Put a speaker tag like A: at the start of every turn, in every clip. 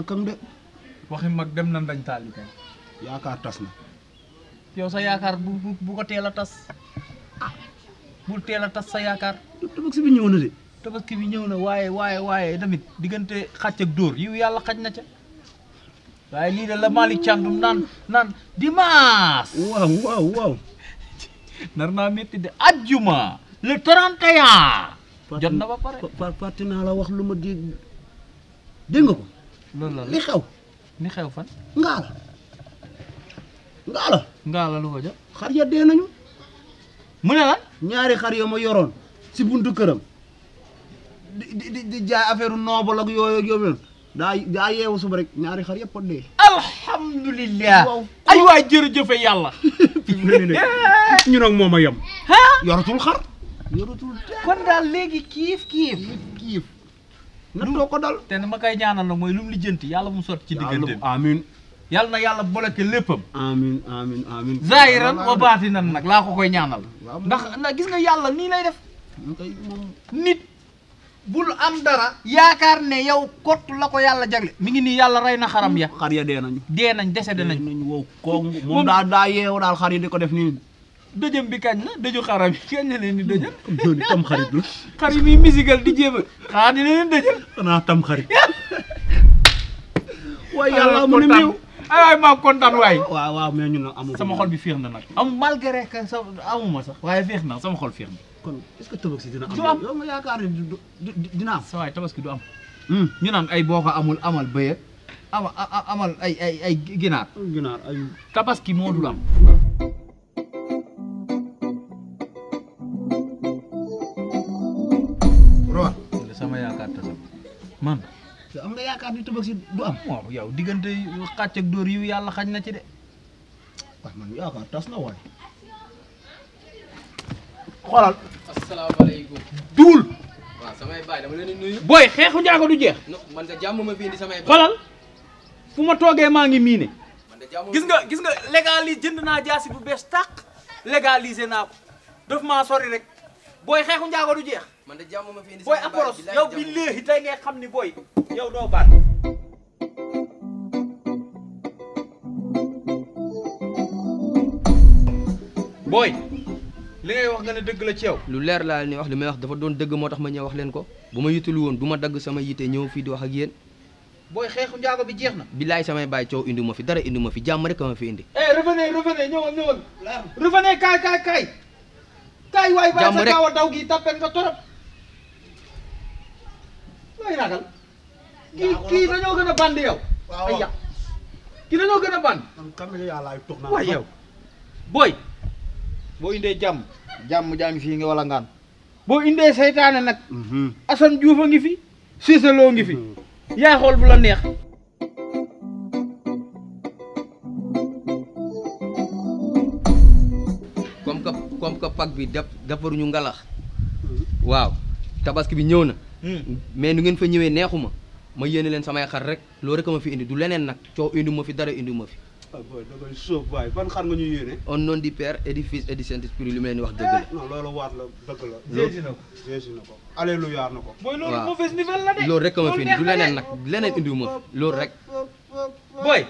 A: na kam de waxi mag dem nan dañ taali yaakar tas na yow sa yaakar bu bu ko téla tas bu téla tas sa yaakaar tabaski bi ñew na de tabaski bi ñew na waye waye waye tamit digënté xacc ak door yu yalla xaj na ca waye li de la mali Thiandoum nan nan dimas waaw waaw waaw nar na metti de aljuma le 31 jot na ba pare la wax luma ko loolu la li xew. li xew fan. lah, ngaala. lah lu ko jot. xar ya Mana? nañu. mu ne ñaari xar ya ma yoroon si buntu këram di di di jaay affaire noobal ak yooyu ak yooyu Da daa yeewu suba rek ñaari xar yëpp a dee. alhamdulilah. waaw ay waay jërëjëfe yàlla. ñu nag moom a yem. yoratul xar. yoratul kon daal léegi kiif kiif. kiif. nattoo ko dal te ni ma koy ñaanal nag mooy lu mu lijjanti yàlla mu sotti ci diggante bi amiin yàlla na yàlla bloqué léppam amiin amiin amiin zahiran wa baatinan nag laa ko koy ñaanal ndax ndax gis nga yàlla nii lay def nit bul am dara yaakaar ne yow kott la ko yàlla jagle mi ngi nii yàlla rey na xaram ya xar ya dee ñu dee nañ dese de nañ nañ wow koog moom daa daa yeew daal xar yi ko def nii dojam bi kañ la dojo xaram yi kañ la leen di do ni tam xarit la xarit yi musical di jema kan xaar ni leen ana tam xarit way yalla ya mo ni miw ay ma kontan kontaan waay wa waaw mais ñun amu sama xol bi féex na nag am malgré que sa ma sax waaye sama xol féex na kon est ce que tabaski dina am yo am nga ya, yaakaar dina am sa waay tabaski du am ñu nan ay boko amul amal beye amal amal ay ay ay ginaar ginaar ay tabaski mo dul am man am nga yaakaar ni tabaski du am waaw yow diggante xàcc ak dóor yu yalla xañ na ci de wax man yaakaar tas na xolal assalamu alaykum dul wa samay bay dama leen nuyu boy xexu njaago du jeex man da jamm ma bindi samay bay xolal fuma toge ma ngi miine gis nga gis nga légalise jënd na jaasi bu bes tak légaliser na ko def ma sori rek boy xexu njaago du jeex man de jàmm ma fi indi booy Aporos yow bi léegi tey ngay xam ni booy yow doo baat. booy li ngay wax nga ne dëgg la ci yow. lu leer laa ni wax li may wax dafa doon dëgg moo tax ma ñëw wax leen ko bu ma yitul woon du ma dagg sama yite ñëw fii di wax ak yéen. booy xeexu njaago bi jeex na. billaay samay baay coow indi ma fi dara indi ma fi jàmm rek ma fi indi. eh revenez ñëwal ñëwal. revenez kaay kaay kaay. waay baay sa gaaw a daw gi tàppee nga torop. looy ragal. kii kii dañoo gën a band yow. boy, Boy, boy, boy dañoo gën jam band. man kamil yàllaay Boy naa. waaw yow booy. boo indee jàmm jàmm jaa ngi fii nga wala ngaan boo indee seytaane nag. Assane Diouf a ngi fi. Cissé Lo ngi fi. yaay xool bu la bi def defaruñu ngalax. waaw tabaski bi na. mais nu ngeen fa ñëwee neexuma ma yéene leen samay xar rek loolu rek ma fi indi du leneen nag coow indi ma fi dara indi ma fi. waaw ah, booy dogal suuf waay ban xar nga ñu yéene. au nom du père et du fils et du saint esprit li mu leen wax dëgg la. Eh, non loolu waat la dëgg la. jéesi na ko jéesi na ko. alléluia na ko. booy loolu mauvaise nouvelle la de. loolu rek ma fi indi du leneen nag leneen indi ma fi loolu rek. booy.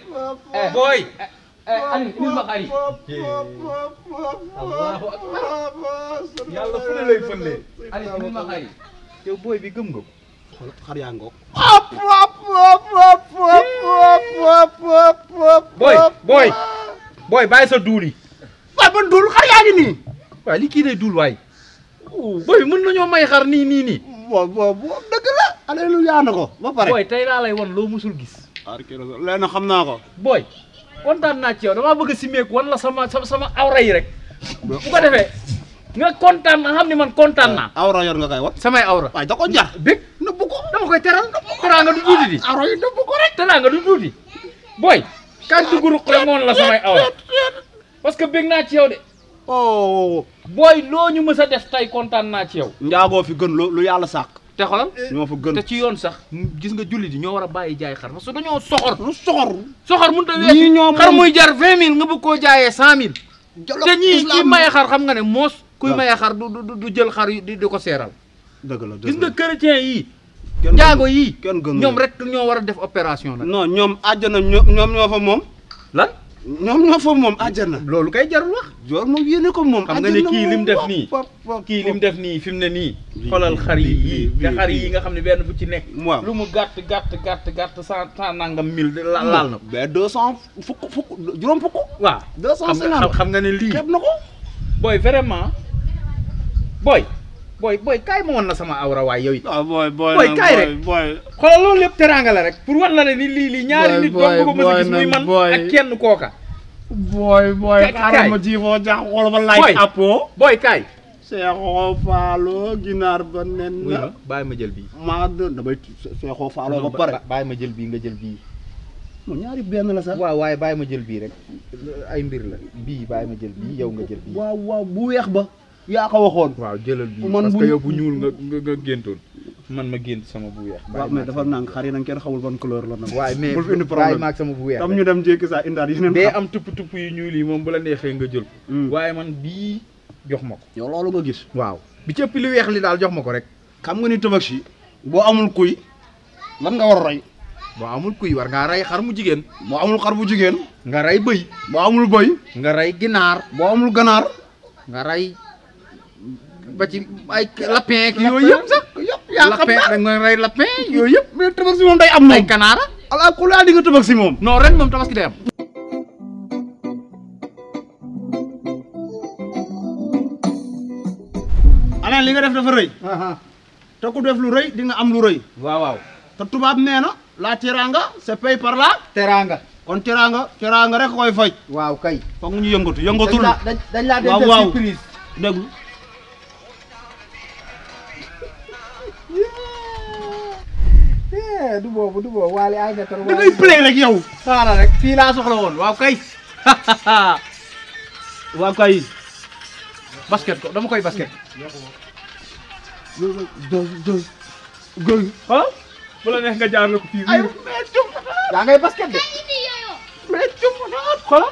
A: Eh, booy. Eh, Aliou indi ma xar yi. allahu akbar. yàlla fu ne lay fëlee. Aliou indi ma xar yi. yow booy bi gëm nga ko. xool xar yaa ngoog. booy booy booy bàyyi sa duul yi. waaw ban duul xar yaa ngi nii. waaw li kii day duul mën nañoo may xar nii nii nii. waaw waaw ko ba pare. booy tey laa lay wan loo musul gis. lenn xam naa ko. booy kontaan naa ci yow damaa bëgg a simeeku wan la sama sama awra yi rek ko defee. nga kontan na xamni man kontaan na awra yor nga kay wat. samay awra way da ko jar. na bu ko dama koy teral. nëbbu nga du tuuti di. awra yi bu ko rek. nga du tuuti boy kan du guru ko ngoon la samay awra parce que bég na ci yow de. oh. boy lo ñu mës def tay kontaan na ci yow. ndago fi gën lu lu yàlla sàkk. te xolam eh. ñoo fa gën te ci yoon sax gis nga julli di ñoo wara bayyi jaay xar parce que dañoo soxor. lu soxor soxor mu a weesu. xar muy jar vingt nga bëgg koo jaayee cent te ñii ci maye xar xam nga ne moos kuy maye xar du du jël xar yi di ko seeral. dëgg la gis nga chrétien yi. jaago yi ñoom rek ñoo war a def opération la non ñoom àjjana ñoom ñoo fa moom. lan ñoom ñoo fa moom àjjana. loolu kay jarul wax. joor moom yéene ko moom. xam nga ne kii lim def nii kii lim def nii fi mu ne nii. xoolal xar yi yii te xar yi nga xam ne benn bu ci nekk. waaw lu mu gàtt gàtt gàtt gàtt cent cent nangam mille de laal na ko. mais deux cent fukk fukk juróom fukk. waaw xam nga ne lii xeeb na ko. booy vraiment. booy booy booy kaay ma woon sama awra waay yow it. waaw ah, booy booy kaay rek xoolal loolu lépp teraanga la rek pour wax la ne ni lii lii ñaari nit doon a gis muy ba oh. kaay. seexoo faalo ginaar ba nen na ma jël bii maa ma jël bii nga jël bii mo ñaari benn la sax waaw waaye bàyyi ma jël bii rek ay mbir la bii bàyyi ma jël bii yow nga jël bii waaw waaw bu weex ba ya ko waxoon waaw jëlal bi parce que yow bu ñuul nga nga gentul man ma gent sama bu wex waaw mais dafa nang xari nang nag kenn xamul ban couleur la nak waaye mais bul indi problème maag sama bu wex ya. tam ñu dem jékki saa indaat yeneen day am tup tup yu ñuul yi mom bu la nexé nga jël waaye man bi jox mako yow ya lolu nga gis waaw bi ci ëpp li wex li dal jox mako rek xam nga ni ci bo amul kuy lan nga war ray bo amul kuy war nga ray xar mu jigen mo amul xar bu jigen nga ray beuy bo amul beuy nga ray ginar bo amul ganar nga ray ci ay lapin ak yooyu yëpp sax yëpp yaa xam lapin da nga rey lapin yooyu am moom ay ala kulaa di nga tabax si moom non ren moom tabaski li nga def dafa rëy te ku def lu rëy di nga am lu rëy waaw waaw te tubaab nee la teraanga c'est payé par la teraanga kon teraanga teraanga rek koy faj waaw kay foog ñu yëngatu yëngatul dañ laa dañ laa denc surprise déglu Eh, du boobu du boobu waale ay da tor waale play rek yow xaaral rek fii laa soxla woon waaw kay waaw kay basket ko dama koy basket do goy ah bu la neex nga jaar la ko fii ay mais jum yaa ngay basket de mais jum xola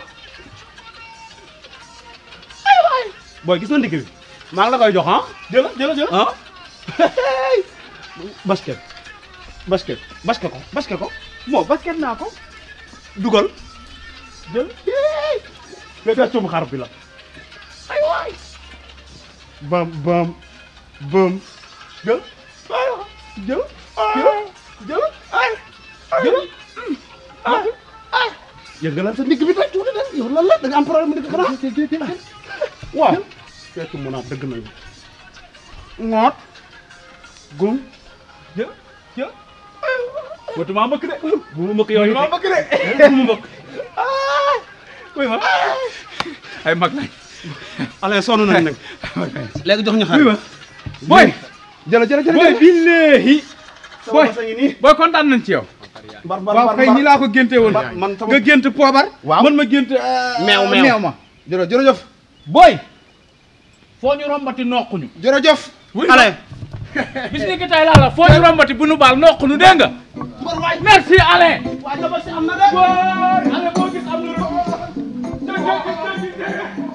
A: ay waay booy gis nga ndigg bi maa ngi la koy jox ah jëla jëla jëla ah basket basket basket ko basket ko mo basket na ko dugal jël le tatum xar bi la ay waay bam bam bam jël ay jël jël ay jël ay ay hmm. ah. yëngalal ya, sa ndigg bi toj tuuti des yow lan la da nga am problème dëgg xanaa waaw fekk mu naa dëgg na ngoot gum Wata mamak de. Bumak yoy. Mamak de. Bumak. Koy ma. Ay mag lañ. Ala sonu nañ nak. Legi jox ñu xaar. Boy. Jëla jëla jëla. Boy billahi. Boy. Boy kontan nañ ci yow. Bar bar bar. Waaw kay ni la ko genté won. Nga gent pobar. Man ma gent mew mew ma. Jëro jëro Boy. Fo ñu rombati nokkuñu. Jëro jëf. Ale. Bis kita ki tay la la fo ñu rombati bu nu bal nokkuñu dégg nga. Mbër waay merci Alain. waay dama si am na de. Alain boo gis am na de.